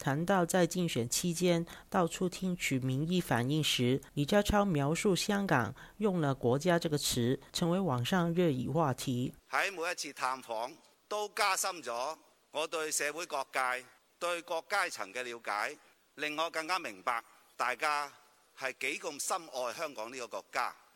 談到在競選期間到處聽取民意反應時，李家超描述香港用了國家這個詞，成為網上熱議話題。喺每一次探訪，都加深咗我對社會各界、對各階層嘅了解，令我更加明白大家係幾咁深愛香港呢個國家。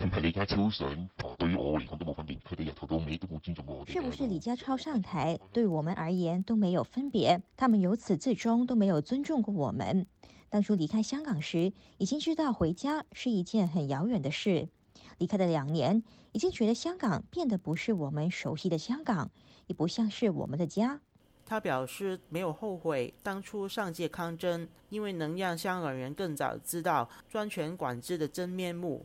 是不是李家超上台，對我們而言都沒有分別，他們由始至終都沒有尊重過我們。當初離開香港時，已經知道回家是一件很遙遠的事。離開了兩年，已經覺得香港變得不是我們熟悉的香港，也不像是我們的家。他表示沒有後悔當初上街抗爭，因為能讓香港人更早知道專權管制的真面目。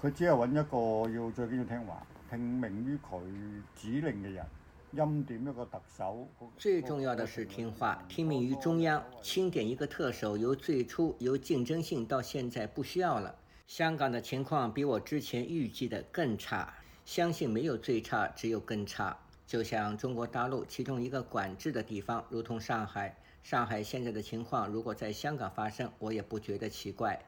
佢只係揾一個要最緊要聽話、聽命於佢指令嘅人，欽點一個特首。最重要的是聽話、聽命於中央，欽點一個特首。由最初由競爭性到現在不需要了。香港嘅情況比我之前預計的更差，相信沒有最差，只有更差。就像中國大陸其中一個管制的地方，如同上海，上海現在嘅情況如果在香港發生，我也不覺得奇怪。